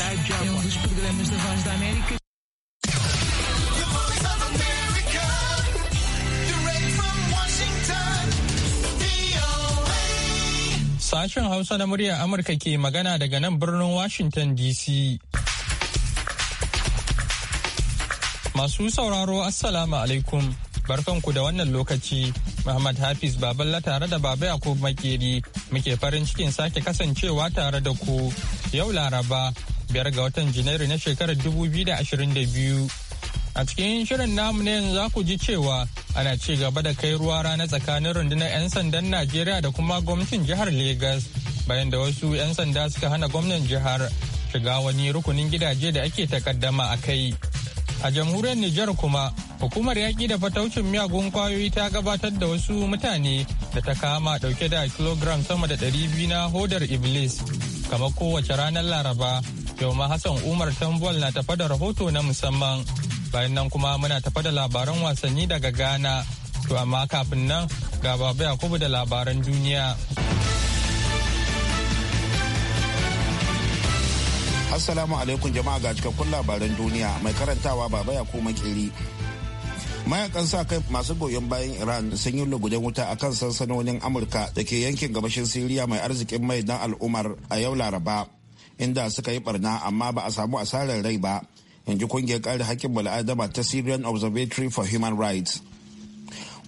Sashen Hausa na murya Amurka ke magana daga nan birnin Washington DC. Masu sauraro Assalamu alaikum barkanku da wannan lokaci Muhammad Hafiz Baballa tare da Baba Yakub Makeri muke farin cikin sake kasancewa tare da ku yau Laraba biyar ga watan Janairu na shekarar 2022. A cikin shirin namu na yanzu za ku ji cewa ana ci gaba da kai ruwa rana tsakanin rundunar 'yan sandan Najeriya da kuma gwamnatin jihar Legas bayan da wasu 'yan sanda suka hana gwamnan jihar shiga wani rukunin gidaje da ake takaddama a kai. A jamhuriyar Nijar kuma hukumar yaƙi da fataucin miyagun kwayoyi ta gabatar da wasu mutane da ta kama dauke da kilogram sama da ɗari biyu na hodar Iblis kamar kowace ranar Laraba Yau ma Hassan Umar Tambol na tafa da rahoto na musamman. Bayan nan kuma muna tafa da labaran wasanni daga Ghana. To amma kafin nan ga Baba Yakubu da labaran duniya. Assalamu alaikum jama'a ga cikakkun labaran duniya mai karantawa baba ya kuma kiri. Mayakan sa kai masu goyon bayan Iran sun yi lugudan wuta a kan sansanonin Amurka da ke yankin gabashin Siriya mai arzikin mai dan al'umar a yau Laraba. inda suka yi barna amma ba a samu asarar rai ba in ji kungiyar kare hakkin bala'adama ta syrian observatory for human rights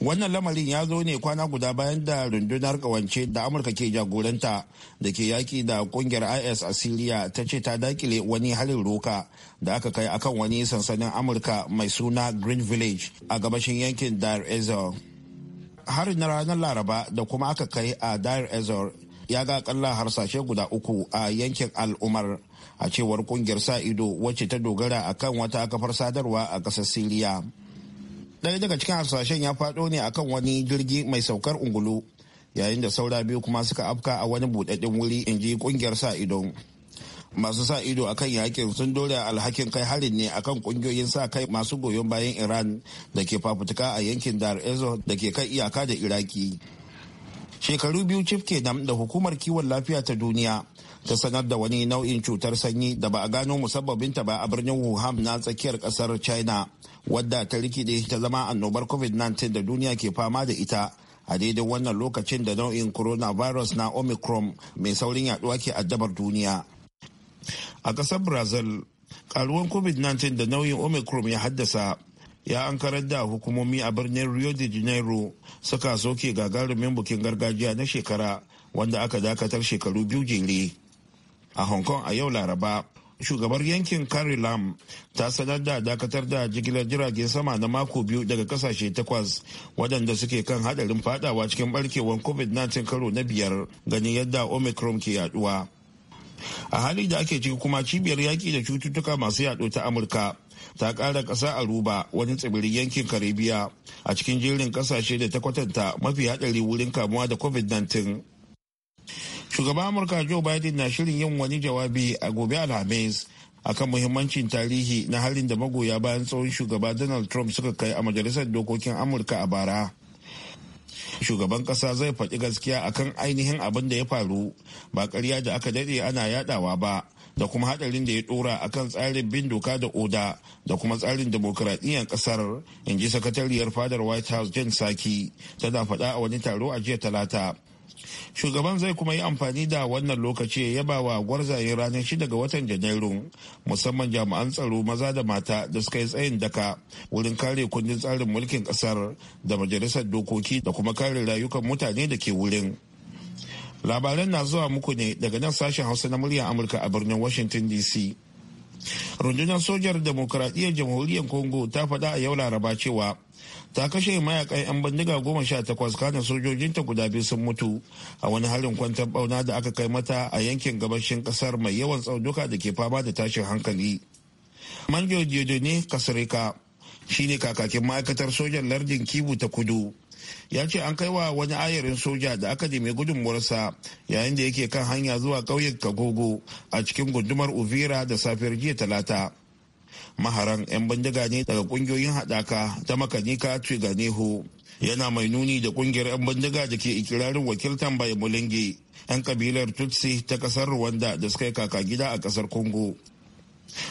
wannan lamarin ya zo ne kwana guda bayan da rundunar kawance da amurka ke jagoranta da ke yaki da kungiyar is a syria ta ce ta dakile wani halin roka da aka kai akan wani sansanin amurka mai suna green village a gabashin yankin dar ezor harin na ranar laraba da kuma aka kai a dar ezor ya ga akalla harsashe guda uku a yankin al'umar a cewar kungiyar sa ido wacce ta dogara a kan wata kafar sadarwa a kasar siriya ɗaya daga cikin harsashen ya faɗo ne akan wani jirgi mai saukar ungulu yayin da saura biyu kuma suka afka a wani buɗaɗɗen wuri in ji kungiyar sa ido masu sa ido akan yakin sun dole alhakin kai harin ne akan kungiyoyin sa kai masu goyon bayan iran da ke fafutuka a yankin dar ezo da ke kai iyaka da iraki shekaru biyu cif kenan da hukumar kiwon lafiya ta duniya ta sanar da wani nau'in cutar sanyi da ba a gano musabbabinta ba a birnin wuhan na tsakiyar kasar china wadda ta rikide ta zama annobar covid-19 da duniya ke fama da ita a daidai wannan lokacin da nau'in coronavirus na omicron mai saurin yaduwa ke addabar duniya a kasar brazil karuwan covid-19 da nau'in omicron ya haddasa ya ankarar da hukumomi a birnin rio de janeiro suka soke gagarumin bukin gargajiya na shekara wanda aka dakatar shekaru biyu jere a hong kong a yau laraba shugabar yankin carrie lam ta sanar da dakatar da jigilar jiragen sama na mako biyu daga kasashe takwas waɗanda suke kan hadarin fadawa cikin barkewar covid-19 karo na biyar ganin yadda omicron ke yaduwa a hali da ake ciki kuma cibiyar yaƙi da cututtuka masu yaɗo ta amurka ta ƙara ƙasa Ruba wani tsibirin yankin karibiya a cikin jerin kasashe da ta kwatanta mafi haɗari wurin kamuwa da covid-19 shugaban amurka joe biden na shirin yin wani jawabi a gobe alhamis akan muhimmancin tarihi na halin da magoya bayan tsohon shugaba donald trump suka kai a majalisar dokokin amurka a bara shugaban kasa zai faɗi gaskiya akan ainihin abin da ya faru ba ƙarya da aka daɗe ana yadawa ba da kuma hadarin da ya dora a kan tsarin bin doka da oda da kuma tsarin demokuraɗiyyar ƙasar in ji sakatariyar fadar white house jen saki tana faɗa a wani taro a jiya talata shugaban zai kuma yi amfani da wannan lokaci ya yaba wa gwarzaye ranar shida ga watan janairu musamman jami'an tsaro maza da mata da suka yi tsayin daka wurin kare kundin tsarin mulkin kasar da majalisar dokoki da kuma kare rayukan mutane da ke wurin labaran na zuwa muku ne daga nan sashen hausa na muryar amurka a birnin washington dc rundunar sojar demokuraɗiyyar jamhuriyar congo ta faɗa a yau laraba cewa ta kashe mayakan 'yan bindiga goma sha takwas kana sojojinta guda biyu sun mutu a wani harin kwantar bauna da aka kai mata a yankin gabashin kasar mai yawan tsaunuka da ke fama da tashin hankali manjo diodone kasarika shine kakakin ma'aikatar sojan lardin kibu ta kudu ya ce an kai wa wani ayarin soja da aka nemi gudunmuwarsa yayin da yake kan hanya zuwa ƙauyen kagogo a cikin gundumar uvira da safiyar jiya talata maharan 'yan bindiga ne daga kungiyoyin haɗaka ta makanika tuganeho yana mai nuni da kungiyar 'yan bindiga da ke ikirarin wakiltan bayamulingi 'yan kabilar tutsi ta kasar rwanda da suka yi kaka gida a kasar congo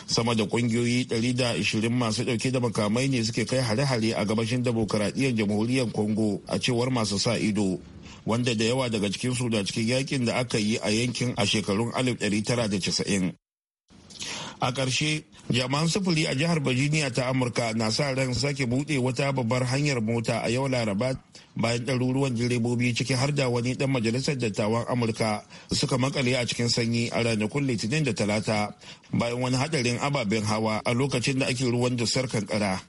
sama da kungiyoyi 120 masu dauke da makamai ne suke kai hare-hare a gabashin demokaradiyyar jamhuriyar congo a cewar masu sa ido wanda da yawa daga su da cikin yakin da aka yi a yankin a shekarun 1990 a ƙarshe jama'an sufuri a jihar virginia ta amurka na sa ran sake buɗe wata babbar hanyar mota a yau laraba bayan ɗaruruwan direbobi ciki har da wani ɗan majalisar dattawan amurka suka makale a cikin sanyi a ranakun litinin da talata bayan wani haɗarin ababen hawa a lokacin da ake ruwan dusar kankara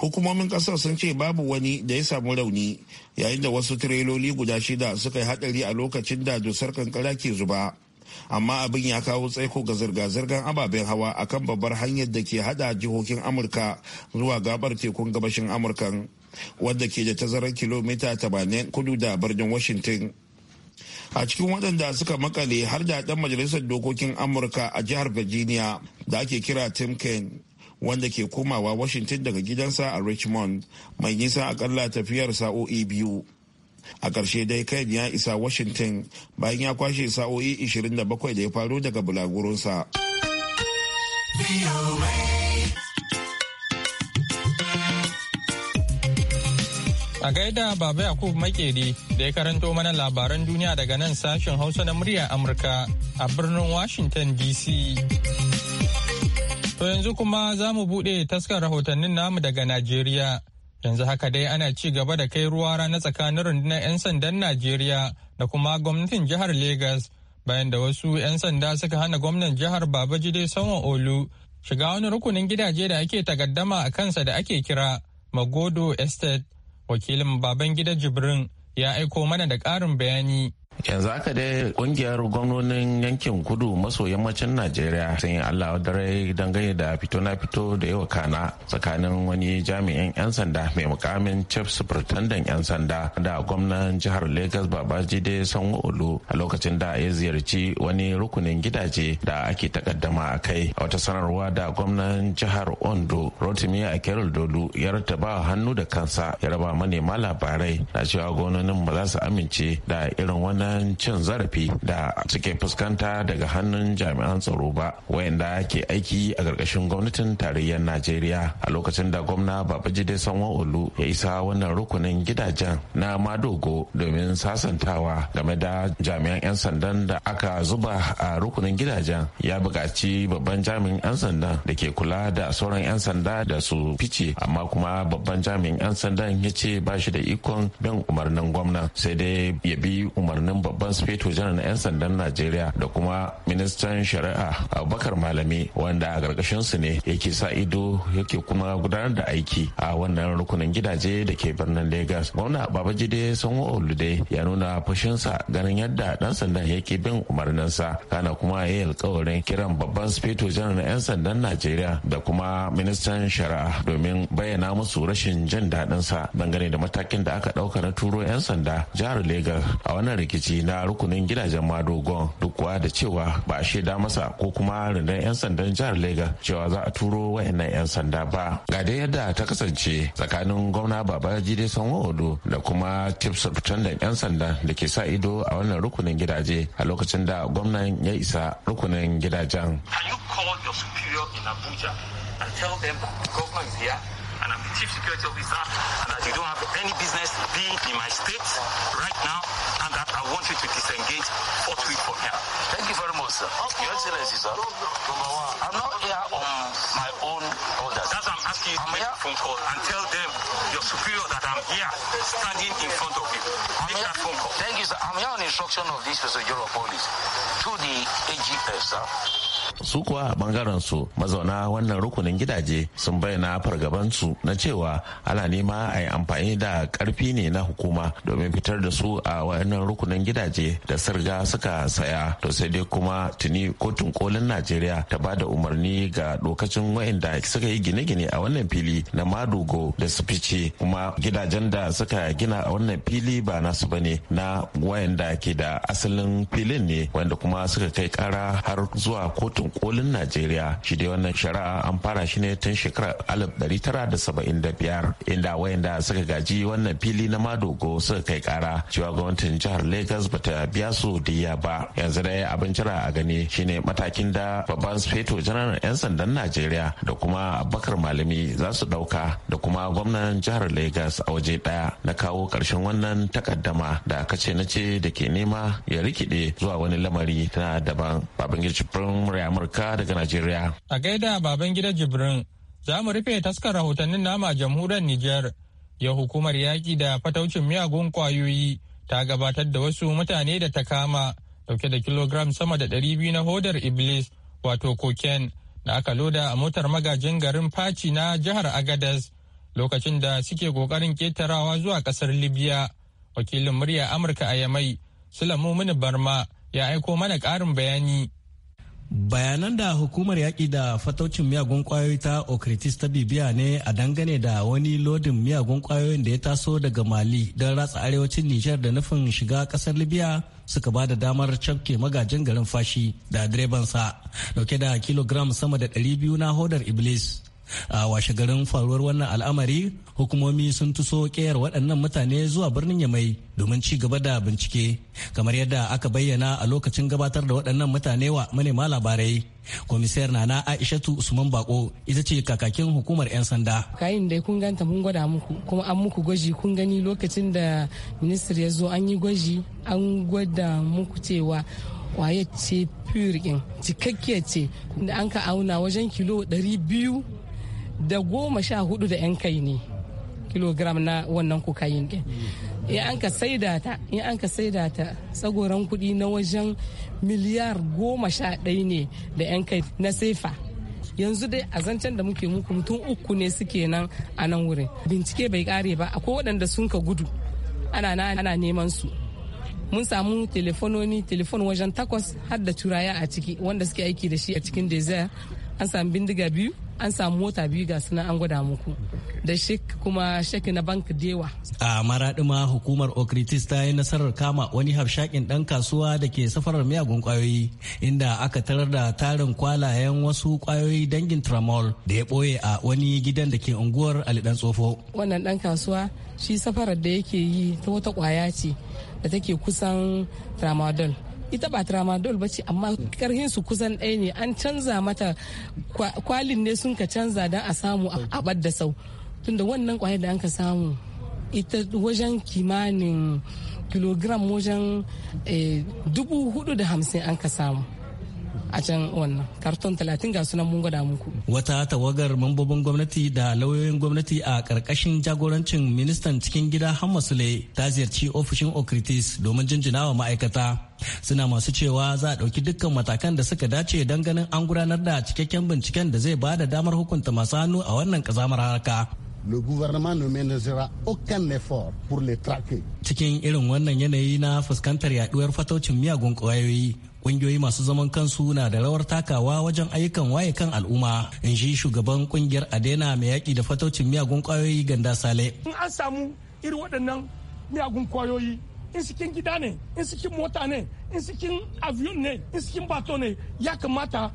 hukumomin ƙasar sun ce babu wani da ya samu rauni yayin da wasu tireloli guda shida suka yi haɗari a lokacin da dusar kankara ke zuba amma abin ya kawo tsaiko ga zirga-zirgar ababen hawa akan babbar hanyar da ke hada jihohin amurka zuwa gabar tekun gabashin amurka wadda ke da tazarar kilomita 80 kudu da birnin washington a cikin waɗanda suka makale har da ɗan majalisar dokokin amurka a jihar virginia da ake kira tim kane wanda ke komawa washington daga gidansa a richmond mai nisa akalla tafiyar sa'o'i biyu a ƙarshe dai kayan ya isa washington bayan ya kwashe sa'o'i 27 da ya faro daga bulagurinsa a gaida baba yakub makeri da ya karanto mana labaran duniya daga nan sashen hausa na murya amurka a birnin washington dc to yanzu kuma za mu buɗe taskar rahotannin namu daga najeriya yanzu haka dai ana ci gaba da kai ruwa rana tsakanin rundunar 'yan sandan najeriya da kuma gwamnatin jihar Legas, bayan da wasu 'yan sanda suka hana gwamnan jihar babajide sanwa olu shiga wani rukunin gidaje da ake takaddama a kansa da ake kira magodo estate wakilin baban gida jibrin ya aiko mana da ƙarin bayani yanzu haka dai kungiyar gwamnonin yankin kudu maso yammacin najeriya sun yi allah dare dangane da fito na fito da yawa kana tsakanin wani jami'in 'yan sanda mai mukamin chief superintendent 'yan sanda da gwamnan jihar lagos babajide sanwo-olu a lokacin da ya ziyarci wani rukunin gidaje da ake takaddama a kai a wata sanarwa da gwamnan jihar ondo rotimi a kerol dolu ya ba hannu da kansa ya raba manema labarai na cewa gwamnonin ba za su amince da irin wannan mummunan cin zarafi da suke fuskanta daga hannun jami'an tsaro ba wayanda ke aiki a ƙarƙashin gwamnatin tarayyar najeriya a lokacin da gwamna babajide sanwa-olu ya isa wannan rukunin gidajen na madogo domin sasantawa game da jami'an 'yan sandan da aka zuba a rukunin gidajen ya buƙaci babban jami'in 'yan sandan da ke kula da sauran 'yan sanda da su fice amma kuma babban jami'in 'yan sandan ya ce ba shi da ikon bin umarnin gwamna sai dai ya bi umarnin tsakanin babban sufeto janar na 'yan sandan najeriya da kuma ministan shari'a abubakar malami wanda a ƙarƙashin su ne yake sa ido yake kuma gudanar da aiki a wannan rukunin gidaje da ke birnin lagos gwamna babajide sanwo olude ya nuna fushinsa ganin yadda sanda sandan yake bin umarninsa kana kuma ya yi alkawarin kiran babban sufeto janar na 'yan sandan najeriya da kuma ministan shari'a domin bayyana musu rashin jin daɗinsa dangane da matakin da aka ɗauka na turo 'yan sanda jihar Legas a wannan rikici rikici na rukunin gidajen madogon duk kuwa da cewa ba a shaida masa ko kuma rundunar 'yan sandan jihar Legas cewa za a turo wayannan 'yan sanda ba. Ga dai yadda ta kasance tsakanin gwamna Babajide Sanwo-Odo da kuma Chief Superintendent 'yan sanda da ke sa ido a wannan rukunin gidaje a lokacin da gwamnan ya isa rukunin gidajen. Can you call your superior in Abuja and tell them government chief security officer, and that you don't have any business being in my state right now, and that I want you to disengage forthwith from here. Thank you very much, sir. Okay. Your Excellency, sir. Number one, I'm not here on my own orders. That's I'm asking you to make a phone call and tell them, your superior, that I'm here, standing in front of you. Make that phone call. Thank you, sir. I'm here on instruction of this Federal Police to the AGF, sir. su kuwa a bangaren su mazauna wannan rukunin gidaje sun bayyana fargaban su na cewa ana nema a yi amfani da karfi ne na hukuma domin fitar da su a wannan rukunin gidaje da sirga suka saya to sai dai kuma tuni kotun kolin najeriya ta ba da umarni ga lokacin wa'inda suka yi gine-gine a wannan fili na madugo da su fice kuma gidajen da suka gina a wannan fili ba nasu bane na wa'inda ke da asalin filin ne wanda kuma suka kai kara har zuwa kotun kotun kolin najeriya shi dai wannan shari'a an fara shi ne tun shekarar 1975 inda wayanda suka gaji wannan fili na madogo suka kai kara cewa gwamnatin jihar lagos bata biya su diya ba yanzu dai abin jira a gani shine matakin da babban feto janar 'yan sandan najeriya da kuma abubakar malami za su dauka da kuma gwamnan jihar lagos a waje daya na kawo karshen wannan takaddama da kace na ce da ke nema ya rikide zuwa wani lamari na daban babangir primary ya Amurka daga Najeriya. A gaida baban gida Jibrin, za mu rufe taskar rahotannin nama jamhuriyar Nijar. Ya hukumar yaƙi da fataucin miyagun ƙwayoyi ta gabatar da wasu mutane da ta kama dauke da kilogram sama da ɗari biyu na hodar Iblis wato koken da aka loda a motar magajin garin Faci na jihar Agadez, lokacin da suke ƙoƙarin ƙetarawa zuwa ƙasar Libya. Wakilin murya Amurka a Yamai, Sulamu Mini Barma ya aiko mana ƙarin bayani. bayanan da hukumar yaƙi da fataucin miyagun kwayoyi ta okritis ta bibiya ne a dangane da wani lodin miyagun kwayoyin da ya taso daga mali don ratsa arewacin nijar da nufin shiga ƙasar libya suka ba da damar cafke magajin garin fashi da direbansa dauke da kilogram sama da 200 na hodar iblis a washe garin faruwar wannan al'amari hukumomi sun tuso kera waɗannan mutane zuwa birnin yamai domin ci gaba da bincike kamar yadda aka bayyana a lokacin gabatar da waɗannan mutane wa manema labarai komisiyar nana aishatu usman bako ita ce kakakin hukumar 'yan sanda kayin dai kun ganta mun gwada muku kuma an muku gwaji kun gani lokacin da ministar ya zo an yi gwaji an gwada muku cewa waye ce cikakkiyar ce da an ka auna wajen kilo 200 da goma sha hudu da 'yan kai ne kilogram na wannan kokain din in an ka saida ta in an ka saida ta tsagoran kuɗi na wajen miliyar goma sha ɗaya ne da 'yan kai na sefa yanzu dai a zancen da muke muku mutum uku ne suke nan a nan wurin bincike bai kare ba akwai waɗanda sun ka gudu ana ana neman su mun samu telefononi telefon wajen takwas har da turaya a ciki wanda suke aiki da shi a cikin desert an samu bindiga biyu an samu mota biyu ga suna an gwada muku da shek kuma shek na bank dewa a maraɗima hukumar okritis ta yi nasarar kama wani harshakin ɗan kasuwa da ke safarar miyagun kwayoyi inda aka tarar da tarin kwalayen wasu kwayoyi dangin tramol da ya ɓoye a wani gidan da ke unguwar alidan tsofo wannan ɗan kasuwa shi safarar da yake yi ta wata kwaya ce da take kusan tramadol ita ba tramadol ba ce amma karhin su kusan ɗaya ne an canza mata kwalin ne sun ka canza don a samu a da sau tunda wannan kwayar da an ka samu ita wajen kimanin kilogram wajen eh, dubu hudu da hamsin an ka samu a can wannan karton talatin ga sunan mun gwada muku. Wata tawagar mambobin gwamnati da lauyoyin gwamnati a karkashin jagorancin ministan cikin gida Hamma Sule ta ziyarci ofishin Okritis domin jinjinawa ma'aikata. Suna masu cewa za a ɗauki dukkan matakan da suka dace don ganin an gudanar da cikakken binciken da zai ba da damar hukunta masu hannu a wannan kazamar haraka le gouvernement ne ménagera aucun effort pour les traquer. Cikin irin wannan yanayi na fuskantar yaduwar fataucin miyagun kwayoyi ƙungiyoyi masu zaman kansu na da rawar takawa wajen ayyukan waye kan al'umma, in shi shugaban ƙungiyar Adena mai yaƙi da fataucin miyagun kwayoyi ganda sale. In an samu irin waɗannan miyagun kwayoyi in cikin gida ne, in cikin mota ne, in cikin avion ne, in cikin bato ne, ya kamata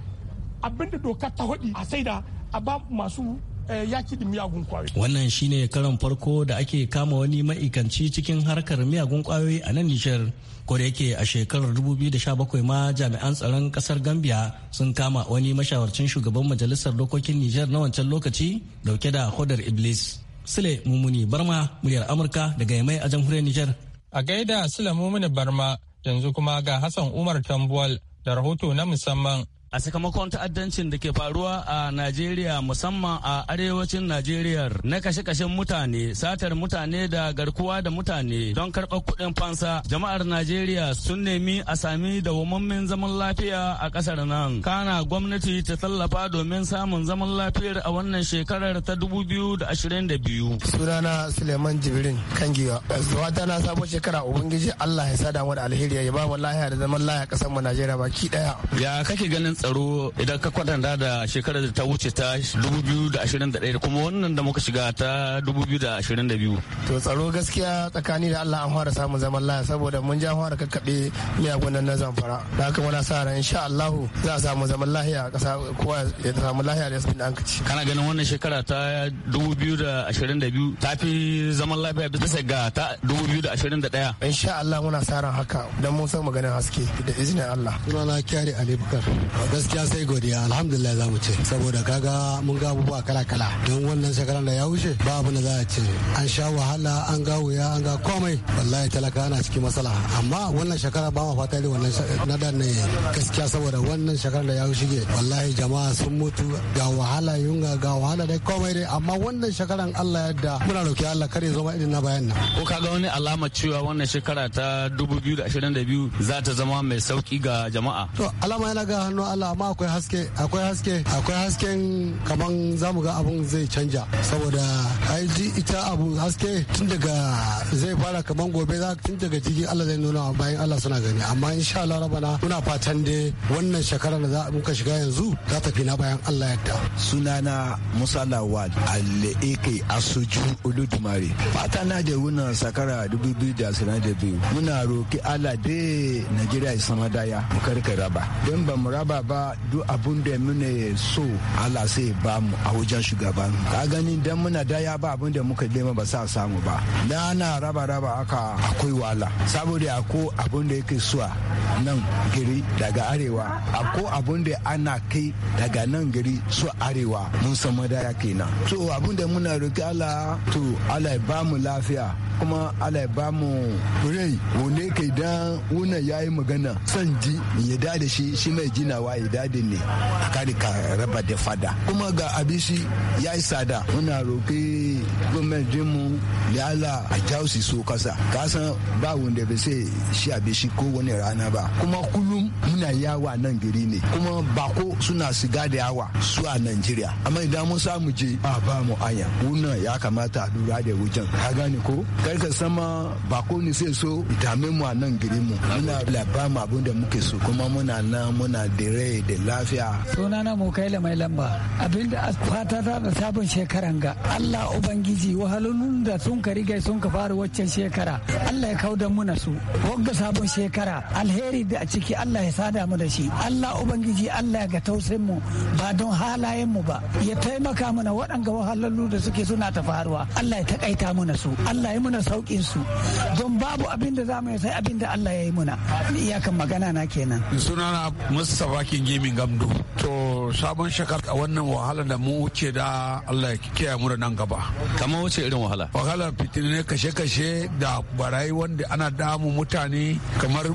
abinda doka ta hudi a saida a ba masu Eh, yaki da miyagun kwayoyi. Wannan shine karan farko da ake kama wani ma'ikanci cikin harkar miyagun kwayoyi a nan Nijar. da yake a shekarar 2017 ma jami'an tsaron kasar Gambia sun kama wani mashawarcin shugaban majalisar dokokin Nijar na wancan lokaci dauke da hodar Iblis. Sule Mumuni Barma muryar Amurka daga Yamai a jamhuriyar Nijar. A gaida Sule Mumuni Barma yanzu kuma ga Hassan Umar Tambuwal da rahoto na musamman a sakamakon ta'addancin da ke faruwa a Najeriya musamman a arewacin Najeriya na kashe-kashen mutane, satar mutane da garkuwa da mutane don karɓar kuɗin fansa. Jama'ar Najeriya sun nemi a sami dawwammamin zaman lafiya a ƙasar nan. Kana gwamnati ta tallafa domin samun zaman lafiyar a wannan shekarar ta 2022. Sunana Suleiman Jibrin Kangiwa. Zuwata na sabon shekara Ubangiji Allah ya sada wani da alheri ya ba mu lahiya da zaman lahiya ƙasar mu Najeriya baki ɗaya. Ya kake ganin tsaro idan ka kwatanta da shekarar da ta wuce ta 2021 da kuma wannan da muka shiga ta 2022. To tsaro gaskiya tsakani da Allah an fara samun zaman laya saboda mun ja fara kakkabe miyagun nan na zamfara. Da haka muna sa ran insha Allah za a samu zaman lafiya a kasa kowa ya samu lafiya da yasmin an kace Kana ganin wannan shekara ta 2022 ta fi zaman lafiya bisa ga ta 2021. Insha Allah muna sa ran haka dan mun san maganin haske da izinin Allah. Sunana Kyari Ali gaskiya sai godiya alhamdulillah za mu ce saboda kaga mun ga abubuwa kala kala don wannan shekaran da ya wuce ba abin da za a ce an sha wahala an ga wuya an ga komai wallahi talaka ana cikin matsala amma wannan shekara ba mu fata da wannan na dan ne gaskiya saboda wannan shekaran da ya wuce wallahi jama'a sun mutu ga wahala yunga ga wahala da komai dai amma wannan shekaran Allah yadda muna roki Allah kar ya zama irin na bayan nan ko kaga wani alama cewa wannan shekara ta 2022 za ta zama mai sauki ga jama'a to alama yana ga hannu Allah amma akwai haske akwai haske akwai hasken kaman zamu ga abun zai canja saboda ai ita abu haske tun daga zai fara kaman gobe za tun daga jirgin Allah zai nuna bayan Allah suna gani amma insha Allah rabana muna fatan dai wannan shekarar da za muka shiga yanzu za ta fina bayan Allah yadda sunana Musa Lawal Alle eke Asuju Oludumare fata na da wuna sakara 2022 muna roki Allah dai Najeriya ya sama daya mu karkara ba don ba mu raba ba duk abun da muna so Allah sai ba mu a wajen shugaban ka gani dan muna da ya ba abun da muka nema ba sa samu ba na na raba raba aka akwai wala saboda ako abun da yake suwa nan gari daga arewa ako abun da ana kai daga nan gari su arewa mun san madaya kenan to abun da muna roki Allah to Allah ya ba mu lafiya kuma Allah ya ba mu rai wanda yake dan wannan yayi magana san ji ya da shi shi mai jinawa a idadin ne a kari ka raba da fada kuma ga abishi ya yi sada muna roƙi gomen mu da ala a jausi so kasa kasan ba wanda bai sai shi abishi ko wani rana ba kuma kullum muna yawa nan gari ne kuma bako suna siga da yawa su a Najeriya amma idan mun samu je a ba mu anya wannan ya kamata a lura da wajen ka gane ko karka sama bako ne sai so idame mu a nan gari mu muna labarin abin da muke so kuma muna nan muna dire rai da lafiya. Sunana kai mai lamba abinda fata ta da sabon shekaran ga Allah Ubangiji wahalolin da sun ka riga sun ka fara waccan shekara Allah ya kau da muna su wagga sabon shekara alheri da a ciki Allah ya sada mu da shi Allah Ubangiji Allah ya ga tausayin mu ba don halayen mu ba ya taimaka mana waɗanga wahalalu da suke suna ta faruwa Allah ya takaita muna su Allah ya muna saukin su don babu abin da za mu sai abinda Allah ya yi muna iyakan magana na kenan sunana Mustafa ke cikin gemin gamdu to sabon shakar a wannan wahala da mu wuce da allah ya kiyaye mu da nan gaba kama wuce irin wahala wahala ne kashe-kashe da barayi wanda ana damu mutane kamar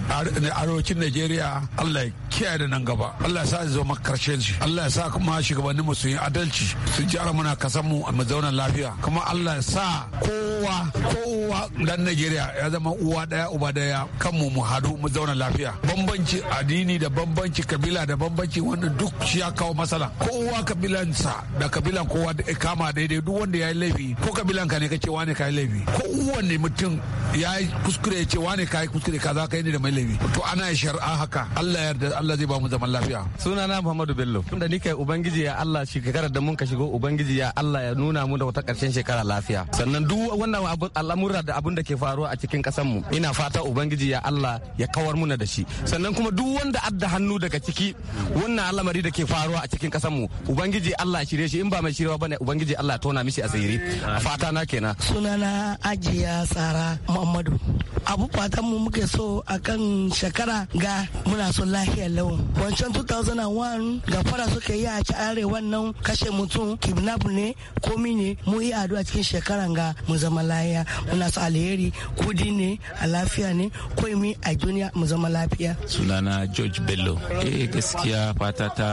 arokin najeriya allah ya kiyaye da nan gaba allah ya sa zo zama karshen shi allah ya sa kuma shugabanninmu su yi adalci su jara muna kasan mu a zauna lafiya kuma allah ya sa kowa kowa dan najeriya ya zama uwa daya uba daya kanmu mu hadu mu zauna lafiya bambanci addini da bambanci kabila da bambanci wannan duk shi ya kawo matsala kowa kabilansa da kabilan kowa da kama daidai duk wanda ya yi laifi ko kabilan ka ne ka ce wane ka yi laifi kowanne mutum ya yi kuskure ya ce wane ka yi kuskure ka za ka yi ne da mai laifi to ana shari'a haka Allah ya yarda Allah zai ba mu zaman lafiya sunana Muhammadu Bello tunda ni kai ubangiji ya Allah shekarar da mun ka shigo ubangiji ya Allah ya nuna mu da wata karshen shekara lafiya sannan duk wannan al'amura da abun da ke faruwa a cikin kasan mu ina fata ubangiji ya Allah ya kawar muna da shi sannan kuma duk wanda adda hannu daga ciki wannan al'amari da ke faruwa a cikin kasanmu ubangiji Allah shirye shi in ba mai shirewa ne ubangiji Allah tona mishi asiri fata na kenan sunana ajiya tsara muhammadu abu fatan mu muke so akan shekara ga muna son lahiyar lawan wancan 2001 ga fara suke yi a ci wannan kashe mutum kidnap ne komi ne mu yi addu'a cikin shekaran ga mu zama lahiya muna so alheri kudi ne a lafiya ne ko komi a duniya mu zama lafiya sunana george bello eh gaskiya fata ta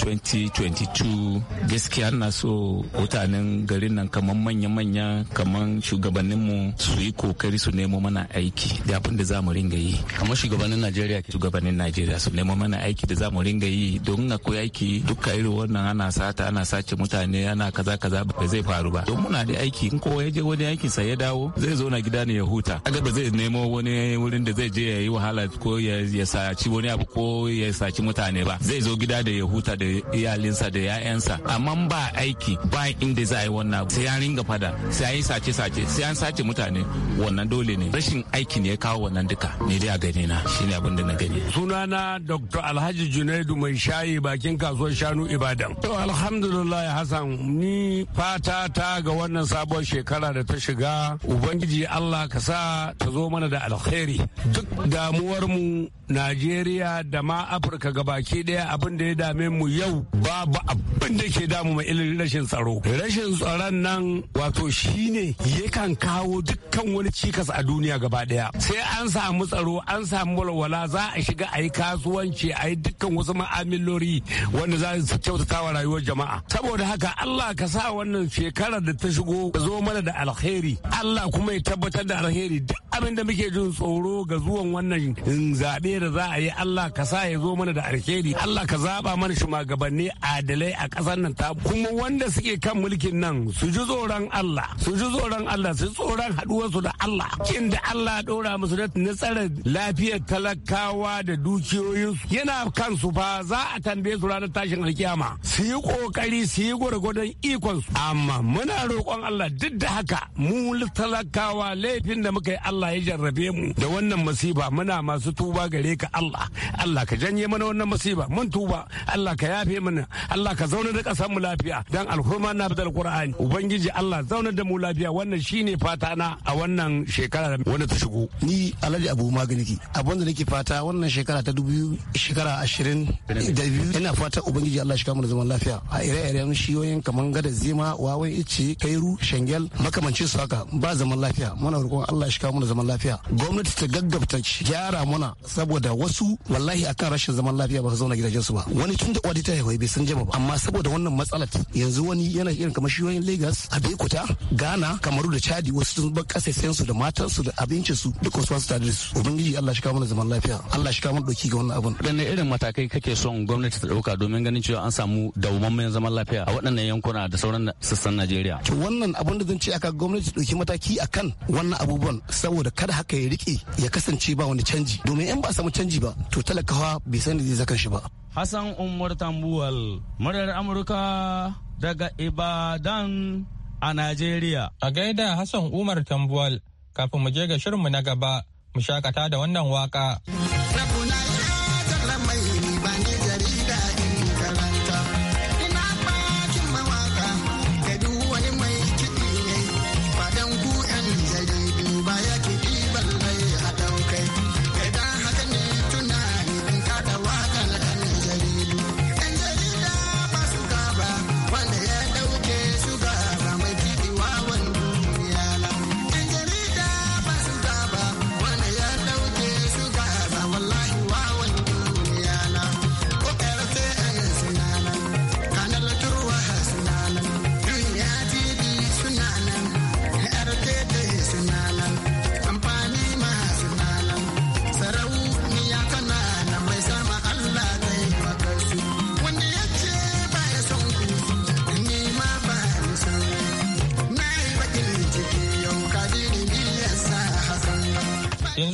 2022 gaskiya na so mutanen garin nan kamar manya-manya kamar shugabanninmu su yi kokari su nemo mana aiki da abin da za mu ringa yi kamar shugabannin najeriya shugabannin najeriya su nemo mana aiki da za mu ringa yi don koyi aiki duka irin wannan ana sata ana sace mutane ana kaza kaza ba zai faru ba don muna da aiki in kowa ya je wani aiki sa ya dawo zai zo na gida ne ya huta kaga ba zai nemo wani wurin da zai je ya yi wahala ko ya saci wani abu ko ya saci mutane mutane ba zai zo gida da ya huta da iyalinsa da 'ya'yansa amma ba aiki ba inda za a yi wannan sai an ringa fada sai an yi sace sace sai an sace mutane wannan dole ne rashin aiki ne ya kawo wannan duka ne dai a gani na shine abin da na gani sunana dr alhaji junaidu mai shayi bakin kasuwar shanu ibadan to alhamdulillah hasan ni fata ta ga wannan sabon shekara da ta shiga ubangiji allah ka sa ta zo mana da alkhairi duk damuwar mu najeriya da ma afirka gaba baki daya abin da ya dame mu yau babu abin da ke damu mai ilin rashin tsaro rashin tsaron nan wato shine yakan kawo dukkan wani cikas a duniya gaba daya sai an samu tsaro an samu walwala za a shiga a yi kasuwanci a yi dukkan wasu ma'amilori wanda za su kyautata wa rayuwar jama'a saboda haka Allah ka sa wannan shekarar da ta shigo ka zo mana da alheri Allah kuma ya tabbatar da alheri duk abin da muke jin tsoro ga zuwan wannan zaɓe da za a yi Allah ka sa ya zo mana da alheri alheri Allah ka zaba mana shugabanni adalai a ƙasar nan ta kuma wanda suke kan mulkin nan su ji tsoron Allah su ji tsoron Allah su tsoron haɗuwarsu da Allah kin da Allah dora musu da tsare lafiyar talakawa da dukiyoyinsu yana kan su fa za a tambaye su ranar tashin alkiyama su yi kokari su yi gwargwadon ikonsu amma muna roƙon Allah duk da haka mu talakawa laifin da muka yi Allah ya jarrabe mu da wannan masifa muna masu tuba gare ka Allah Allah ka janye mana wannan musiba mun tuba Allah ka yafe mana Allah ka zauna da kasar mu lafiya dan alhurma na bidal qur'ani ubangiji Allah zauna da mu lafiya wannan shine fata na a wannan shekara wanda ta shigo ni Alhaji Abu Maganiki abin da nake fata wannan shekara ta dubu shekara ashirin da biyu ina fata ubangiji Allah shi kamar zaman lafiya a ire-iren shiyoyin kamar gada zima wawai ice kairu shangel makamancin su haka ba zaman lafiya muna roƙon Allah shi mana zaman lafiya gwamnati ta gaggabta gyara mana saboda wasu wallahi akan rashin zaman lafiya ba ba zauna gidajen su ba wani tun da ta haifai bai san jaba ba amma saboda wannan matsalar yanzu wani yana irin kamar shiyoyin Lagos Abeokuta Ghana Kamaru da Chadi wasu sun bar kasashen su da matan su da abincin su duk wasu su tare da su ubangiji Allah shi kawo mana zaman lafiya Allah shi kawo mana doki ga wannan abun dan irin matakai kake son gwamnati ta dauka domin ganin cewa an samu dawwammamen zaman lafiya a waɗannan yankuna da sauran sassan Najeriya to wannan abun da zan ce aka gwamnati dauki mataki akan wannan abubuwan saboda kada haka ya rike ya kasance ba wani canji domin in ba samu canji ba to talakawa bai san da zai zaka shi ba. Hassan Umar Tambuwal, muryar Amurka daga Ibadan a Najeriya. A gaida Hassan Umar Tambuwal, kafin mu je ga shirinmu na gaba, mu shakata da wannan waka.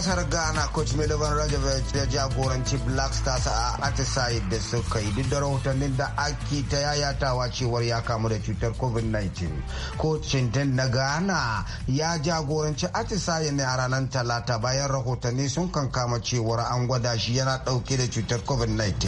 kasar ghana coach milovan rajovic ya jagoranci black stars a atisaye da suka yi duk da rahotannin da ake ta yayatawa cewar ya kamu da cutar covid-19 kocin din na ghana ya jagoranci atisaye ne a ranar talata bayan rahotanni sun kankama cewar an gwada shi yana dauke da cutar covid-19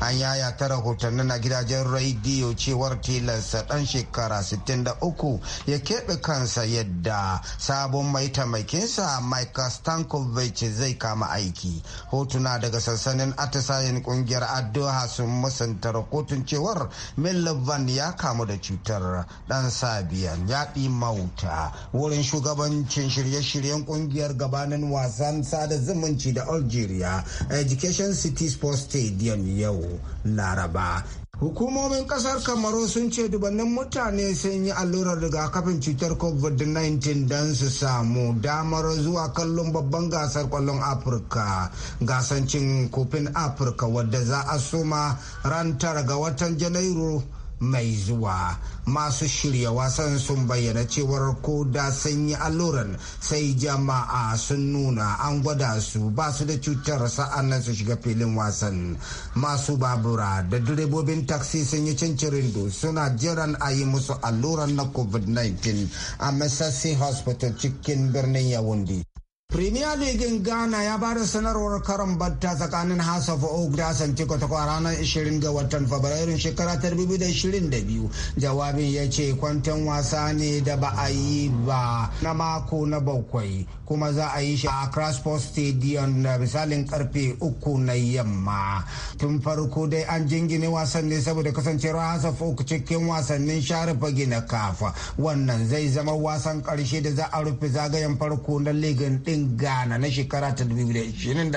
an yayata rahotannin a gidajen rediyo cewar tilasta dan shekara 63 ya keɓe kansa yadda sabon mai taimakinsa michael stankov bai ce zai kama aiki hotuna daga sansanin atisayen kungiyar addu'a sun musanta rahoton cewar millivan ya kamu da cutar dan sabiyan ya mauta wurin shugabancin shirye-shiryen kungiyar gabanin wasan sada zumunci da algeria education city sports stadium yau laraba hukumomin kasar kamaru sun ce dubannin mutane sun yi allurar rigakafin cutar covid-19 don su samu damar zuwa kallon babban gasar kwallon afirka gasancin kofin afirka wadda za a soma ran tara ga watan janairu mai zuwa masu shirya wasan sun bayyana cewar ko da sun yi alluran sai jama'a sun nuna an gwada su ba su da cutar nan su shiga filin wasan masu babura da direbobin taksi sun yi cincirindo suna jiran a yi musu alluran na covid-19 a masassi hospital cikin birnin yawundi Premier League Ghana ya ba da sanarwar karon batta tsakanin Hassan of da Hassan Kotoko a ranar 20 ga watan Fabrairu shekara ta 2022. Jawabin ya ce kwanton wasa ne da ba a yi ba na mako na bakwai kuma za a yi shi a Crassport Stadium da misalin karfe uku na yamma. Tun farko dai an jingine wasan ne saboda kasancewar hasa uku cikin wasannin share fage na kafa. Wannan zai zama wasan karshe da za a rufe zagayen farko na ligin din Ghana na shekara ta 2021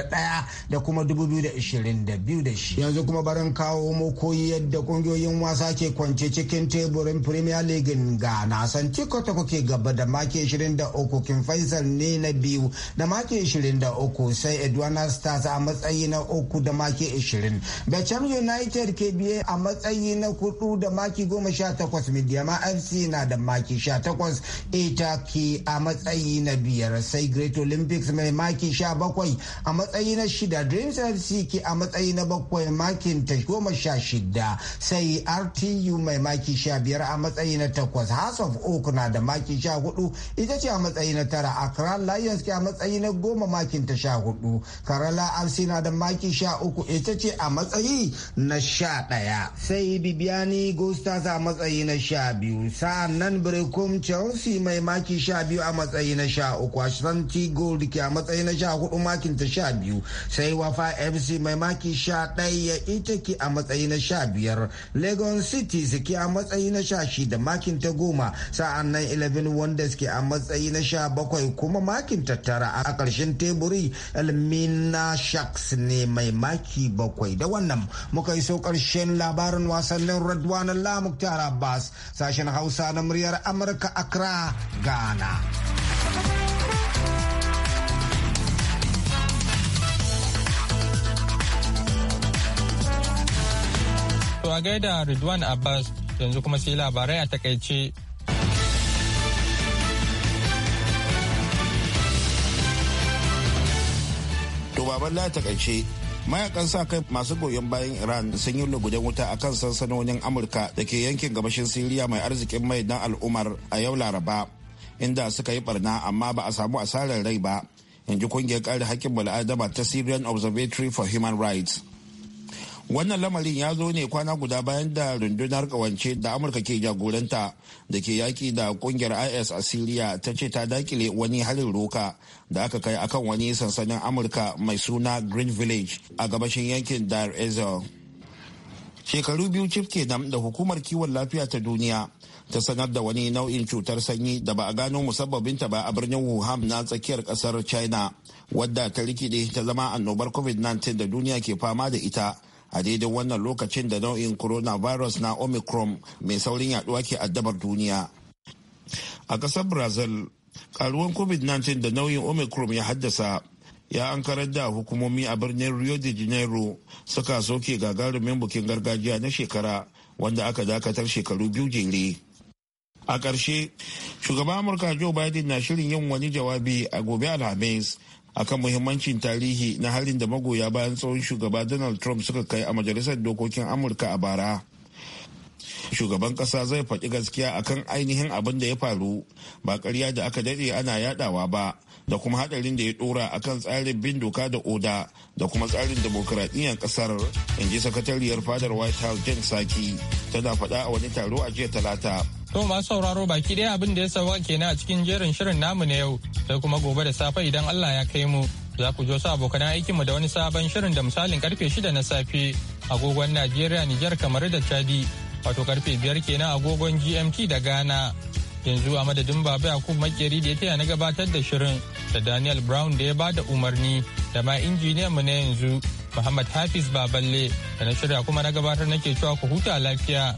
da kuma 2022 yanzu kuma barin kawo mu yadda kungiyoyin wasa ke kwance cikin teburin premier league Ghana san ciko ta kuke gaba da maki 23 kin Faisal ne na biyu da maki 23 sai edwana stars a matsayi na uku da maki 20 becham united biye a matsayi na kudu da maki 18 midiyama fc na da maki 18 etaki a matsayi na biyar sai great olympics mai maki 17 a matsayi na shida dreams fc ke a matsayi na bakwai makin ta goma sha shida sai rtu mai maki sha biyar a matsayi na takwas house of oak na da maki sha hudu ita ce a matsayi na tara a accra lions ke a matsayi na goma makin ta sha hudu karala afc na da maki sha uku ita ce a matsayi na sha daya sai bibiyani gostas a matsayi na sha biyu sa'an nan chelsea mai maki sha biyu a matsayi na sha uku ashanti gold ke a matsayi na sha hudu makin ta sha biyu sai wafa fc mai maki sha daya ita ke a matsayi na sha biyar lagos city suke a matsayi na sha shida makin ta goma sa'an nan 11 wonders ke a matsayi na sha bakwai kuma dakin tattara a ƙarshen teburi elmina shaks ne mai maki bakwai da wannan muka iso ƙarshen labarin wasannin radwan lamuktar abbas sashen hausa na muryar amurka accra ghana To a gaida Ridwan Abbas yanzu kuma sai labarai a takaice baban la takaice mayakan sa kai masu goyon bayan iran sun yi lugudan wuta a kan sansanonin amurka da ke yankin gabashin siriya mai arzikin mai dan al'umar a yau laraba inda suka yi barna amma ba a samu asarar rai ba in ji kungiyar kare hakkin bala'adama ta syrian observatory for human rights wannan lamarin ya zo ne kwana guda bayan da rundunar kawance da amurka ke jagoranta da ke yaki da kungiyar is a syria ta ce ta dakile wani halin roka da aka kai akan wani sansanin amurka mai suna green village a gabashin yankin dar ezel shekaru biyu cif kenan da hukumar kiwon lafiya ta duniya ta sanar da wani nau'in cutar sanyi da ba a gano musabbabinta ba a birnin wuhan na tsakiyar kasar china wadda ta rikide ta zama annobar covid-19 da duniya ke fama da ita a daidai wannan lokacin da nau'in coronavirus na omicron mai saurin yaduwa ke addabar duniya a ƙasar brazil karuwan covid-19 da nau'in omicron ya haddasa ya ankarar da hukumomi a birnin rio de janeiro suka soke gagarumin bukin gargajiya na shekara wanda aka dakatar shekaru biyu jere a ƙarshe shugaban amurka joe biden na shirin yin wani jawabi a gobe alhamis akan muhimmancin tarihi na halin da magoya bayan tsohon shugaba donald trump suka kai a majalisar dokokin amurka a bara shugaban kasa zai faɗi gaskiya akan ainihin abin da ya faru ba ƙarya da aka daɗe ana yadawa ba da kuma haɗarin da ya ɗora akan tsarin bin doka da oda da kuma tsarin demokuraɗiyyar ƙasar in ji sakatariyar fadar white house jen saki tana faɗa a wani taro a jiya talata To masu sauraro baki ɗaya abin da ya sauka kenan a cikin jerin shirin namu na yau sai kuma gobe da safe idan Allah ya kai mu za ku jo su abokan aikinmu da wani sabon shirin da misalin karfe shida na safe agogon Najeriya Nijar kamar da Chadi wato karfe biyar kenan agogon GMT da Ghana. Yanzu a madadin Baba Yakub Makeri da ya taya na gabatar da shirin da Daniel Brown da ya ba da umarni da ma injiniyan mu na yanzu Muhammad Hafiz Baballe da na shirya kuma na gabatar nake cewa ku huta lafiya.